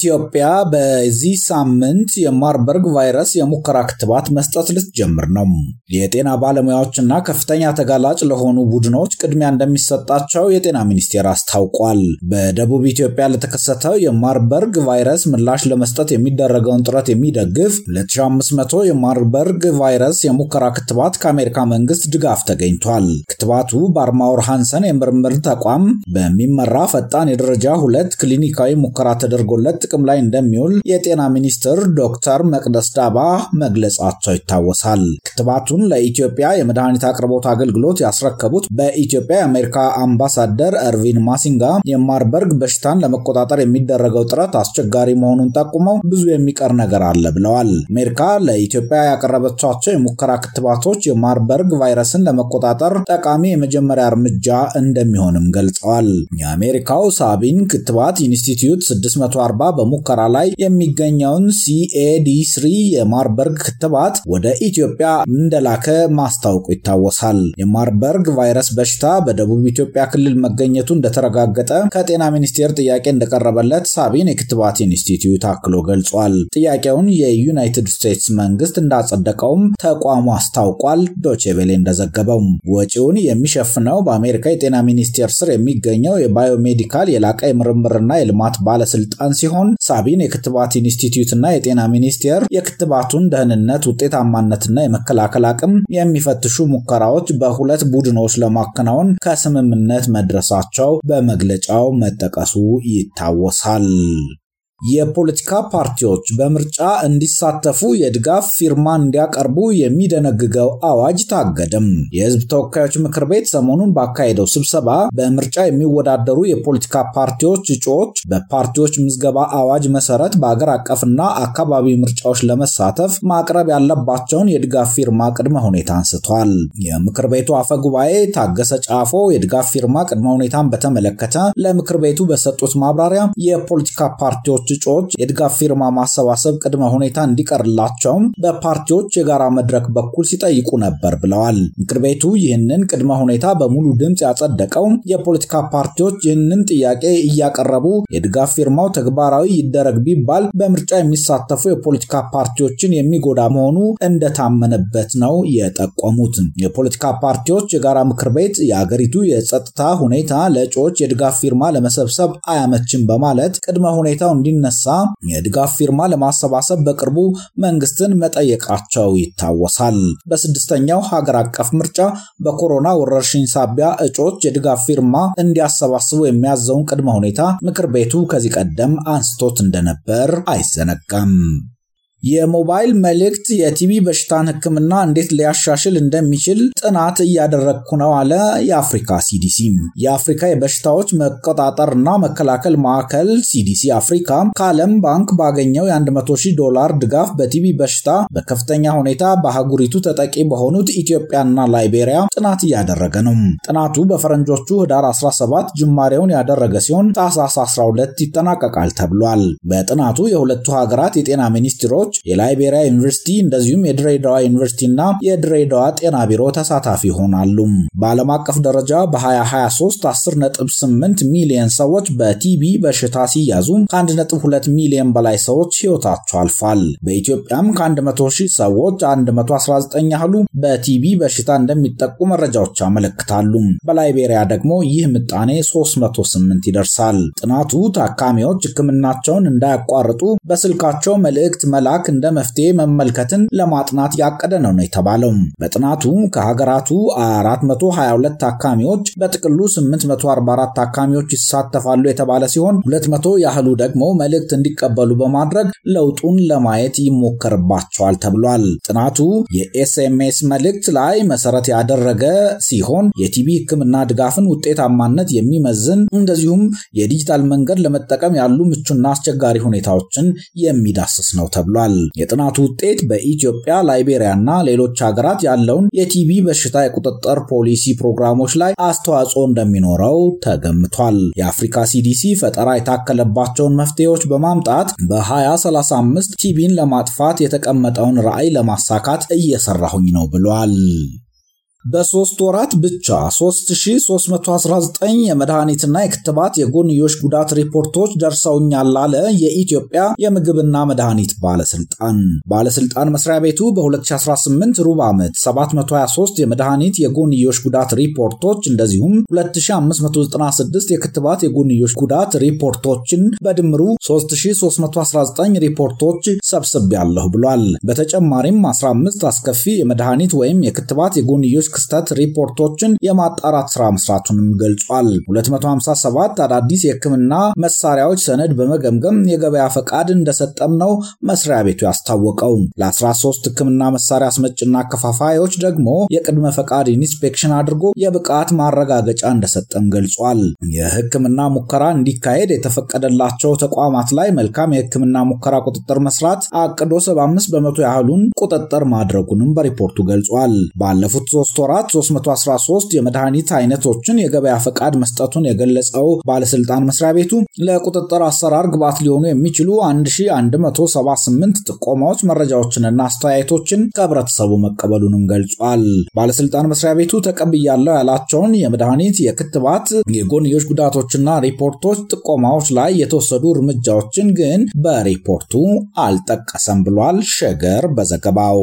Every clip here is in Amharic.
ኢትዮጵያ በዚህ ሳምንት የማርበርግ ቫይረስ የሙከራ ክትባት መስጠት ልትጀምር ነው። የጤና ባለሙያዎችና ከፍተኛ ተጋላጭ ለሆኑ ቡድኖች ቅድሚያ እንደሚሰጣቸው የጤና ሚኒስቴር አስታውቋል። በደቡብ ኢትዮጵያ ለተከሰተው የማርበርግ ቫይረስ ምላሽ ለመስጠት የሚደረገውን ጥረት የሚደግፍ 2500 የማርበርግ ቫይረስ የሙከራ ክትባት ከአሜሪካ መንግስት ድጋፍ ተገኝቷል። ክትባቱ በአርማውር ሃንሰን የምርምር ተቋም በሚመራ ፈጣን የደረጃ ሁለት ክሊኒካዊ ሙከራ ተደርጎለት ጥቅም ላይ እንደሚውል የጤና ሚኒስትር ዶክተር መቅደስ ዳባ መግለጻቸው ይታወሳል። ክትባቱን ለኢትዮጵያ የመድኃኒት አቅርቦት አገልግሎት ያስረከቡት በኢትዮጵያ የአሜሪካ አምባሳደር እርቪን ማሲንጋ የማርበርግ በሽታን ለመቆጣጠር የሚደረገው ጥረት አስቸጋሪ መሆኑን ጠቁመው ብዙ የሚቀር ነገር አለ ብለዋል። አሜሪካ ለኢትዮጵያ ያቀረበቻቸው የሙከራ ክትባቶች የማርበርግ ቫይረስን ለመቆጣጠር ጠቃሚ የመጀመሪያ እርምጃ እንደሚሆንም ገልጸዋል። የአሜሪካው ሳቢን ክትባት ኢንስቲትዩት 640 በሙከራ ላይ የሚገኘውን ሲኤዲ3 የማርበርግ ክትባት ወደ ኢትዮጵያ እንደላከ ማስታወቁ ይታወሳል። የማርበርግ ቫይረስ በሽታ በደቡብ ኢትዮጵያ ክልል መገኘቱ እንደተረጋገጠ ከጤና ሚኒስቴር ጥያቄ እንደቀረበለት ሳቢን የክትባት ኢንስቲትዩት አክሎ ገልጿል። ጥያቄውን የዩናይትድ ስቴትስ መንግስት እንዳጸደቀውም ተቋሙ አስታውቋል። ዶቼቬሌ እንደዘገበው ወጪውን የሚሸፍነው በአሜሪካ የጤና ሚኒስቴር ስር የሚገኘው የባዮሜዲካል የላቀ የምርምርና የልማት ባለስልጣን ሲሆን ሲሆን ሳቢን የክትባት ኢንስቲትዩት ና የጤና ሚኒስቴር የክትባቱን ደህንነት፣ ውጤታማነትና የመከላከል አቅም የሚፈትሹ ሙከራዎች በሁለት ቡድኖች ለማከናወን ከስምምነት መድረሳቸው በመግለጫው መጠቀሱ ይታወሳል። የፖለቲካ ፓርቲዎች በምርጫ እንዲሳተፉ የድጋፍ ፊርማ እንዲያቀርቡ የሚደነግገው አዋጅ ታገደም። የህዝብ ተወካዮች ምክር ቤት ሰሞኑን ባካሄደው ስብሰባ በምርጫ የሚወዳደሩ የፖለቲካ ፓርቲዎች እጩዎች በፓርቲዎች ምዝገባ አዋጅ መሰረት በአገር አቀፍና አካባቢ ምርጫዎች ለመሳተፍ ማቅረብ ያለባቸውን የድጋፍ ፊርማ ቅድመ ሁኔታ አንስቷል። የምክር ቤቱ አፈ ጉባኤ ታገሰ ጫፎ የድጋፍ ፊርማ ቅድመ ሁኔታን በተመለከተ ለምክር ቤቱ በሰጡት ማብራሪያ የፖለቲካ ፓርቲዎች እጩዎች የድጋፍ ፊርማ ማሰባሰብ ቅድመ ሁኔታ እንዲቀርላቸውም በፓርቲዎች የጋራ መድረክ በኩል ሲጠይቁ ነበር ብለዋል። ምክር ቤቱ ይህንን ቅድመ ሁኔታ በሙሉ ድምፅ ያጸደቀው የፖለቲካ ፓርቲዎች ይህንን ጥያቄ እያቀረቡ የድጋፍ ፊርማው ተግባራዊ ይደረግ ቢባል በምርጫ የሚሳተፉ የፖለቲካ ፓርቲዎችን የሚጎዳ መሆኑ እንደታመነበት ነው የጠቆሙት። የፖለቲካ ፓርቲዎች የጋራ ምክር ቤት የአገሪቱ የጸጥታ ሁኔታ ለእጩዎች የድጋፍ ፊርማ ለመሰብሰብ አያመችም በማለት ቅድመ ሁኔታው እንዲ የሚነሳ የድጋፍ ፊርማ ለማሰባሰብ በቅርቡ መንግስትን መጠየቃቸው ይታወሳል። በስድስተኛው ሀገር አቀፍ ምርጫ በኮሮና ወረርሽኝ ሳቢያ እጩዎች የድጋፍ ፊርማ እንዲያሰባስቡ የሚያዘውን ቅድመ ሁኔታ ምክር ቤቱ ከዚህ ቀደም አንስቶት እንደነበር አይዘነጋም። የሞባይል መልእክት የቲቢ በሽታን ሕክምና እንዴት ሊያሻሽል እንደሚችል ጥናት እያደረግኩ ነው አለ የአፍሪካ ሲዲሲ። የአፍሪካ የበሽታዎች መቆጣጠርና መከላከል ማዕከል ሲዲሲ አፍሪካ ከዓለም ባንክ ባገኘው የ ሺህ ዶላር ድጋፍ በቲቢ በሽታ በከፍተኛ ሁኔታ በአህጉሪቱ ተጠቂ በሆኑት ኢትዮጵያና ላይቤሪያ ጥናት እያደረገ ነው። ጥናቱ በፈረንጆቹ ህዳር 17 ጅማሬውን ያደረገ ሲሆን ታህሳስ 12 ይጠናቀቃል ተብሏል። በጥናቱ የሁለቱ ሀገራት የጤና ሚኒስትሮች ባለሙያዎች፣ የላይቤሪያ ዩኒቨርሲቲ እንደዚሁም የድሬዳዋ ዩኒቨርሲቲ ና የድሬዳዋ ጤና ቢሮ ተሳታፊ ይሆናሉ። በዓለም አቀፍ ደረጃ በ2023 10.8 ሚሊዮን ሰዎች በቲቢ በሽታ ሲያዙ ከ1.2 ሚሊዮን በላይ ሰዎች ሕይወታቸው አልፏል። በኢትዮጵያም ከ100 ሺህ ሰዎች 119 ያህሉ በቲቢ በሽታ እንደሚጠቁ መረጃዎች ያመለክታሉ። በላይቤሪያ ደግሞ ይህ ምጣኔ 308 ይደርሳል። ጥናቱ ታካሚዎች ሕክምናቸውን እንዳያቋርጡ በስልካቸው መልእክት መላክ ኢራቅ እንደ መፍትሄ መመልከትን ለማጥናት ያቀደ ነው ነው የተባለው። በጥናቱ ከሀገራቱ 422 ታካሚዎች በጥቅሉ 844 ታካሚዎች ይሳተፋሉ የተባለ ሲሆን 200 ያህሉ ደግሞ መልእክት እንዲቀበሉ በማድረግ ለውጡን ለማየት ይሞከርባቸዋል ተብሏል። ጥናቱ የኤስኤምኤስ መልእክት ላይ መሰረት ያደረገ ሲሆን የቲቢ ሕክምና ድጋፍን ውጤታማነት የሚመዝን እንደዚሁም የዲጂታል መንገድ ለመጠቀም ያሉ ምቹና አስቸጋሪ ሁኔታዎችን የሚዳስስ ነው ተብሏል። ይጠቁማል። የጥናቱ ውጤት በኢትዮጵያ፣ ላይቤሪያ እና ሌሎች ሀገራት ያለውን የቲቢ በሽታ የቁጥጥር ፖሊሲ ፕሮግራሞች ላይ አስተዋጽኦ እንደሚኖረው ተገምቷል። የአፍሪካ ሲዲሲ ፈጠራ የታከለባቸውን መፍትሄዎች በማምጣት በ2035 ቲቢን ለማጥፋት የተቀመጠውን ራዕይ ለማሳካት እየሰራሁኝ ነው ብሏል። በሶስት ወራት ብቻ 3319 የመድኃኒትና የክትባት የጎንዮሽ ጉዳት ሪፖርቶች ደርሰውኛል አለ የኢትዮጵያ የምግብና መድኃኒት ባለስልጣን። ባለስልጣን መስሪያ ቤቱ በ2018 ሩብ ዓመት 723 የመድኃኒት የጎንዮሽ ጉዳት ሪፖርቶች እንደዚሁም 2596 የክትባት የጎንዮሽ ጉዳት ሪፖርቶችን በድምሩ 3319 ሪፖርቶች ሰብስቤያለሁ ብሏል። በተጨማሪም 15 አስከፊ የመድኃኒት ወይም የክትባት የጎንዮሽ ክስተት ሪፖርቶችን የማጣራት ስራ መስራቱንም ገልጿል። 257 አዳዲስ የህክምና መሳሪያዎች ሰነድ በመገምገም የገበያ ፈቃድ እንደሰጠም ነው መስሪያ ቤቱ ያስታወቀው። ለ13 ህክምና መሳሪያ አስመጭና አከፋፋዮች ደግሞ የቅድመ ፈቃድ ኢንስፔክሽን አድርጎ የብቃት ማረጋገጫ እንደሰጠም ገልጿል። የህክምና ሙከራ እንዲካሄድ የተፈቀደላቸው ተቋማት ላይ መልካም የህክምና ሙከራ ቁጥጥር መስራት አቅዶ 75 በመቶ ያህሉን ቁጥጥር ማድረጉንም በሪፖርቱ ገልጿል። ባለፉት ሶስት ወራት 313 የመድኃኒት አይነቶችን የገበያ ፈቃድ መስጠቱን የገለጸው ባለስልጣን መስሪያ ቤቱ ለቁጥጥር አሰራር ግብዓት ሊሆኑ የሚችሉ 1178 ጥቆማዎች፣ መረጃዎችንና አስተያየቶችን ከህብረተሰቡ መቀበሉንም ገልጿል። ባለስልጣን መስሪያ ቤቱ ተቀብያለው ያላቸውን የመድኃኒት፣ የክትባት፣ የጎንዮሽ ጉዳቶችና ሪፖርቶች ጥቆማዎች ላይ የተወሰዱ እርምጃዎችን ግን በሪፖርቱ አልጠቀሰም ብሏል። ሸገር በዘገባው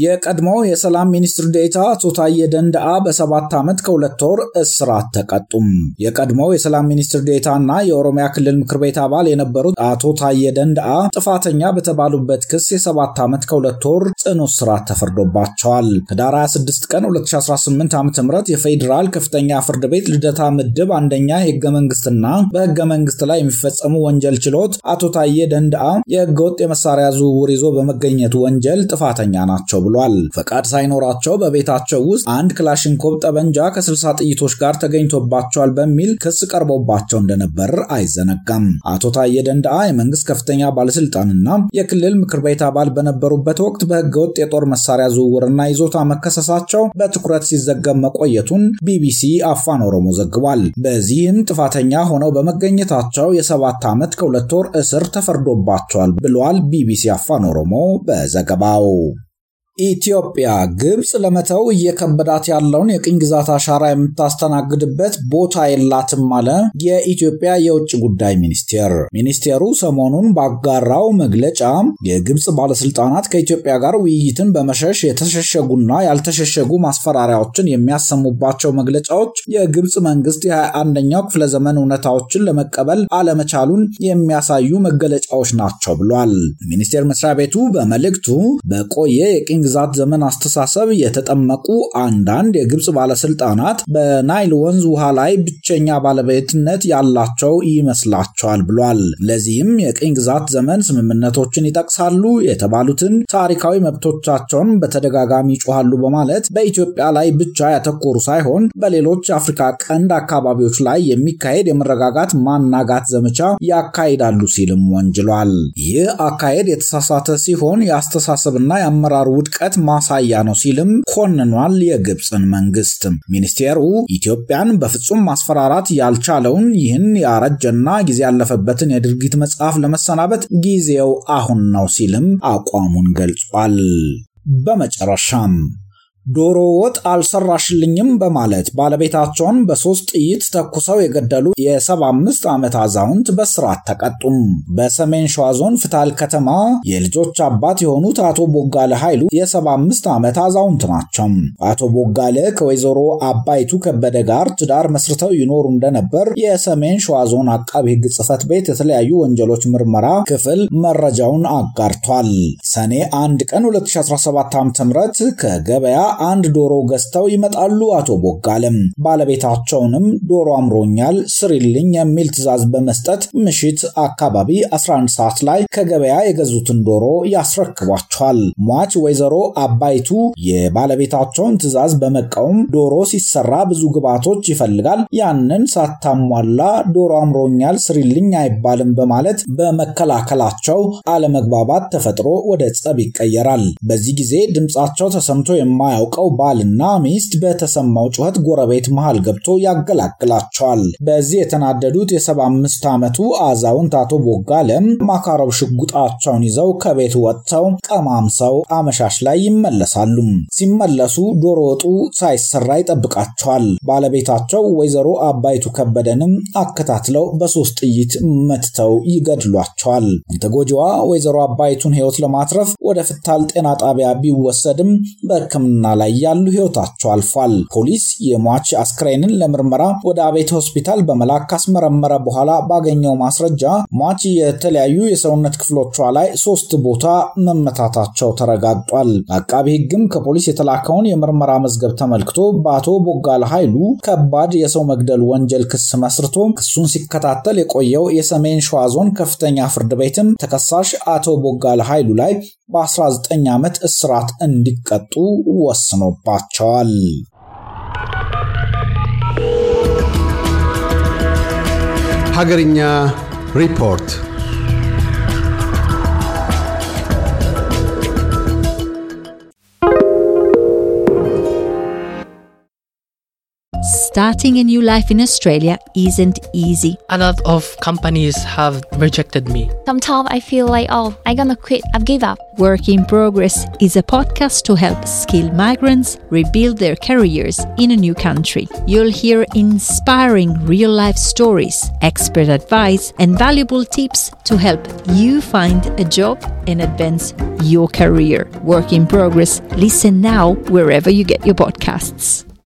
የቀድሞው የሰላም ሚኒስትር ዴታ አቶ ታዬ ደንደአ በሰባት ዓመት ከሁለት ወር እስራት ተቀጡም። የቀድሞው የሰላም ሚኒስትር እና የኦሮሚያ ክልል ምክር ቤት አባል የነበሩት አቶ ታዬ ደንደአ ጥፋተኛ በተባሉበት ክስ የሰባት ዓመት ከሁለት ወር ጽኑ እስራት ተፈርዶባቸዋል። ህዳር 26 ቀን 2018 ዓ ም የፌዴራል ከፍተኛ ፍርድ ቤት ልደታ ምድብ አንደኛ የህገ መንግስትና በህገ መንግስት ላይ የሚፈጸሙ ወንጀል ችሎት አቶ ታዬ ደንደአ የህገወጥ የመሳሪያ ዝውውር ይዞ በመገኘቱ ወንጀል ጥፋተኛ ናቸው ብሏል። ፈቃድ ሳይኖራቸው በቤታቸው ውስጥ አንድ ክላሽንኮቭ ጠበንጃ ከስልሳ ጥይቶች ጋር ተገኝቶባቸዋል በሚል ክስ ቀርቦባቸው እንደነበር አይዘነጋም። አቶ ታዬ ደንደአ የመንግስት ከፍተኛ ባለስልጣንና የክልል ምክር ቤት አባል በነበሩበት ወቅት በህገወጥ የጦር መሳሪያ ዝውውርና ይዞታ መከሰሳቸው በትኩረት ሲዘገብ መቆየቱን ቢቢሲ አፋን ኦሮሞ ዘግቧል። በዚህም ጥፋተኛ ሆነው በመገኘታቸው የሰባት ዓመት ከሁለት ወር እስር ተፈርዶባቸዋል ብሏል ቢቢሲ አፋን ኦሮሞ በዘገባው። ኢትዮጵያ ግብፅ ለመተው እየከበዳት ያለውን የቅኝ ግዛት አሻራ የምታስተናግድበት ቦታ የላትም አለ የኢትዮጵያ የውጭ ጉዳይ ሚኒስቴር። ሚኒስቴሩ ሰሞኑን ባጋራው መግለጫ የግብፅ ባለስልጣናት ከኢትዮጵያ ጋር ውይይትን በመሸሽ የተሸሸጉና ያልተሸሸጉ ማስፈራሪያዎችን የሚያሰሙባቸው መግለጫዎች የግብፅ መንግስት የ21ኛው ክፍለ ዘመን እውነታዎችን ለመቀበል አለመቻሉን የሚያሳዩ መገለጫዎች ናቸው ብሏል። ሚኒስቴር መስሪያ ቤቱ በመልእክቱ በቆየ የቅኝ ግዛት ዘመን አስተሳሰብ የተጠመቁ አንዳንድ የግብፅ ባለስልጣናት በናይል ወንዝ ውሃ ላይ ብቸኛ ባለቤትነት ያላቸው ይመስላቸዋል ብሏል። ለዚህም የቅኝ ግዛት ዘመን ስምምነቶችን ይጠቅሳሉ የተባሉትን ታሪካዊ መብቶቻቸውን በተደጋጋሚ ይጮሃሉ በማለት በኢትዮጵያ ላይ ብቻ ያተኮሩ ሳይሆን በሌሎች አፍሪካ ቀንድ አካባቢዎች ላይ የሚካሄድ የመረጋጋት ማናጋት ዘመቻ ያካሂዳሉ ሲልም ወንጅሏል። ይህ አካሄድ የተሳሳተ ሲሆን የአስተሳሰብና የአመራር ውድ ውድቀት ማሳያ ነው ሲልም ኮንኗል። የግብፅን መንግስት ሚኒስቴሩ ኢትዮጵያን በፍጹም ማስፈራራት ያልቻለውን ይህን ያረጀና ጊዜ ያለፈበትን የድርጊት መጽሐፍ ለመሰናበት ጊዜው አሁን ነው ሲልም አቋሙን ገልጿል። በመጨረሻም ዶሮ ወጥ አልሰራሽልኝም በማለት ባለቤታቸውን በሶስት ጥይት ተኩሰው የገደሉ የ75 ዓመት አዛውንት በስርዓት ተቀጡም። በሰሜን ሸዋ ዞን ፍታል ከተማ የልጆች አባት የሆኑት አቶ ቦጋለ ኃይሉ የ75 ዓመት አዛውንት ናቸው። አቶ ቦጋለ ከወይዘሮ አባይቱ ከበደ ጋር ትዳር መስርተው ይኖሩ እንደነበር የሰሜን ሸዋ ዞን አቃቢ ሕግ ጽህፈት ቤት የተለያዩ ወንጀሎች ምርመራ ክፍል መረጃውን አጋርቷል። ሰኔ 1 ቀን 2017 ዓ.ም ከገበያ አንድ ዶሮ ገዝተው ይመጣሉ አቶ ቦጋለም። ባለቤታቸውንም ዶሮ አምሮኛል ስሪልኝ የሚል ትዕዛዝ በመስጠት ምሽት አካባቢ 11 ሰዓት ላይ ከገበያ የገዙትን ዶሮ ያስረክቧቸዋል። ሟች ወይዘሮ አባይቱ የባለቤታቸውን ትዕዛዝ በመቃወም ዶሮ ሲሰራ ብዙ ግብዓቶች ይፈልጋል፣ ያንን ሳታሟላ ዶሮ አምሮኛል ስሪልኝ አይባልም በማለት በመከላከላቸው አለመግባባት ተፈጥሮ ወደ ጸብ ይቀየራል። በዚህ ጊዜ ድምፃቸው ተሰምቶ የማያው የማያውቀው ባልና ሚስት በተሰማው ጩኸት ጎረቤት መሃል ገብቶ ያገላግላቸዋል። በዚህ የተናደዱት የ75 ዓመቱ አዛውንት አቶ ቦጋለም ማካረብ ሽጉጣቸውን ይዘው ከቤት ወጥተው ቀማምሰው አመሻሽ ላይ ይመለሳሉ። ሲመለሱ ዶሮ ወጡ ሳይሰራ ይጠብቃቸዋል። ባለቤታቸው ወይዘሮ አባይቱ ከበደንም አከታትለው በሶስት ጥይት መትተው ይገድሏቸዋል። ተጎጂዋ ወይዘሮ አባይቱን ሕይወት ለማትረፍ ወደ ፍታል ጤና ጣቢያ ቢወሰድም በሕክምና ላይ ያሉ ህይወታቸው አልፏል። ፖሊስ የሟች አስክሬንን ለምርመራ ወደ አቤት ሆስፒታል በመላክ ካስመረመረ በኋላ ባገኘው ማስረጃ ሟች የተለያዩ የሰውነት ክፍሎቿ ላይ ሶስት ቦታ መመታታቸው ተረጋግጧል። አቃቢ ህግም ከፖሊስ የተላከውን የምርመራ መዝገብ ተመልክቶ በአቶ ቦጋለ ኃይሉ ከባድ የሰው መግደል ወንጀል ክስ መስርቶ ክሱን ሲከታተል የቆየው የሰሜን ሸዋ ዞን ከፍተኛ ፍርድ ቤትም ተከሳሽ አቶ ቦጋለ ኃይሉ ላይ በ19 ዓመት እስራት እንዲቀጡ ወስኖባቸዋል። ሀገርኛ ሪፖርት starting a new life in Australia isn't easy. A lot of companies have rejected me. Sometimes I feel like, oh, I'm gonna quit, I've give up. Work in Progress is a podcast to help skilled migrants rebuild their careers in a new country. You'll hear inspiring real life stories, expert advice, and valuable tips to help you find a job and advance your career. Work in Progress. Listen now wherever you get your podcasts.